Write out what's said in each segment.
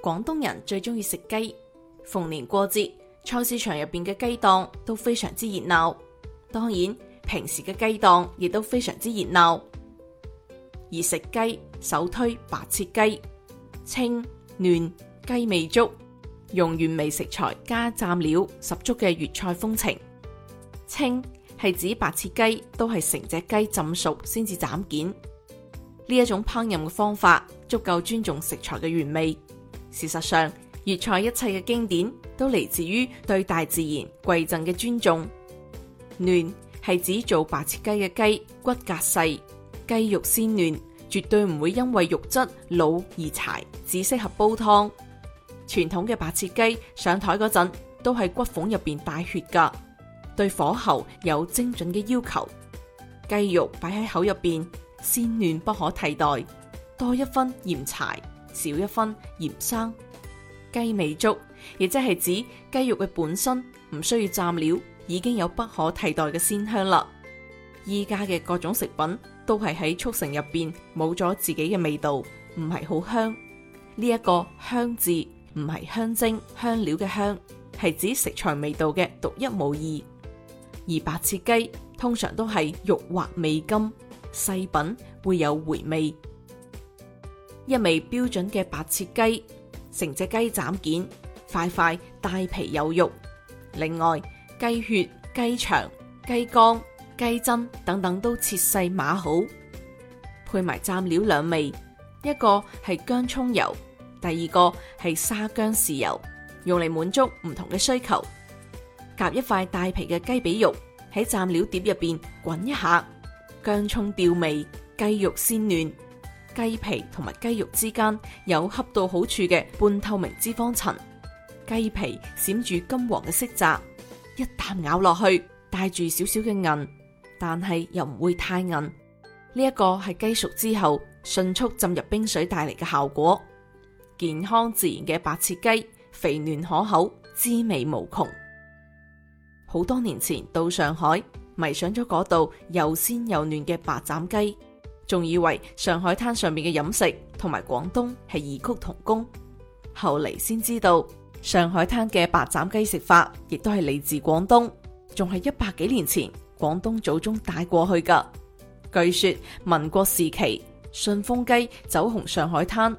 廣東人最中意食雞，逢年過節，菜市場入邊嘅雞檔都非常之熱鬧。當然，平時嘅雞檔亦都非常之熱鬧。而食雞首推白切雞，清嫩、雞味足，用原味食材加蘸料，十足嘅粵菜風情。清係指白切雞都係成隻雞浸熟先至斬件。呢一種烹飪嘅方法，足夠尊重食材嘅原味。事實上，粵菜一切嘅經典都嚟自於對大自然饋贈嘅尊重。嫩係指做白切雞嘅雞骨骼細，雞肉鮮嫩，絕對唔會因為肉質老而柴，只適合煲湯。傳統嘅白切雞上台嗰陣，都係骨縫入邊帶血噶，對火候有精準嘅要求。雞肉擺喺口入邊，鮮嫩不可替代，多一分嫌柴。少一分嫌生，雞味足，亦即係指雞肉嘅本身唔需要蘸料，已經有不可替代嘅鮮香啦。依家嘅各種食品都係喺速成入邊，冇咗自己嘅味道，唔係好香。呢一個香字唔係香精、香料嘅香，係指食材味道嘅獨一無二。而白切雞通常都係肉滑味甘，細品會有回味。一味標準嘅白切雞，成隻雞斬件，塊塊帶皮有肉。另外，雞血、雞腸、雞肝、雞胗等等都切細碼好，配埋蘸料兩味，一個係薑蔥油，第二個係沙薑豉油，用嚟滿足唔同嘅需求。夾一塊帶皮嘅雞髀肉喺蘸料碟入邊滾一下，薑蔥吊味，雞肉鮮嫩。雞皮同埋雞肉之間有恰到好處嘅半透明脂肪層，雞皮閃住金黃嘅色澤，一啖咬落去，帶住少少嘅韌，但係又唔會太韌。呢一個係雞熟之後迅速浸入冰水帶嚟嘅效果。健康自然嘅白切雞，肥嫩可口，滋味無窮。好多年前到上海，迷上咗嗰度又鮮又嫩嘅白斬雞。仲以為上海灘上面嘅飲食同埋廣東係異曲同工，後嚟先知道上海灘嘅白斬雞食法亦都係嚟自廣東，仲係一百幾年前廣東祖宗帶過去噶。據說民國時期信豐雞走紅上海灘，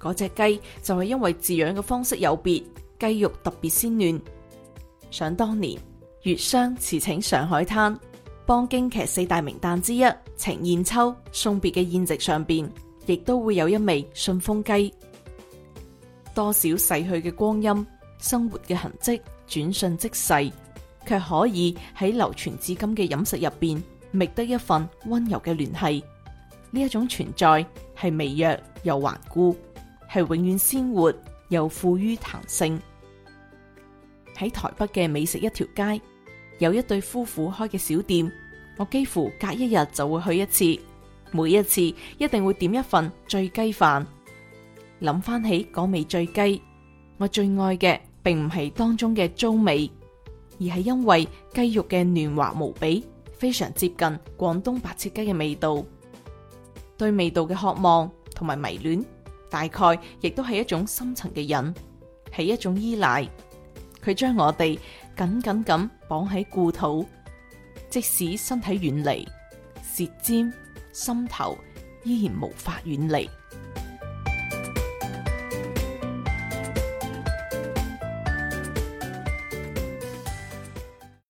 嗰隻雞就係因為飼養嘅方式有別，雞肉特別鮮嫩。想當年，粵商馳騁上海灘。幫京劇四大名旦之一程硯秋送別嘅宴席上邊，亦都會有一味信豐雞。多少逝去嘅光陰、生活嘅痕跡，轉瞬即逝，卻可以喺流傳至今嘅飲食入邊覓得一份溫柔嘅聯繫。呢一種存在係微弱又頑固，係永遠鮮活又富於彈性。喺台北嘅美食一條街。有一對夫婦開嘅小店，我幾乎隔一日就會去一次，每一次一定會點一份醉雞飯。諗翻起嗰味醉雞，我最愛嘅並唔係當中嘅糟味，而係因為雞肉嘅嫩滑無比，非常接近廣東白切雞嘅味道。對味道嘅渴望同埋迷戀，大概亦都係一種深層嘅癮，係一種依賴。佢將我哋。緊緊咁綁喺故土，即使身體遠離，舌尖、心頭依然無法遠離。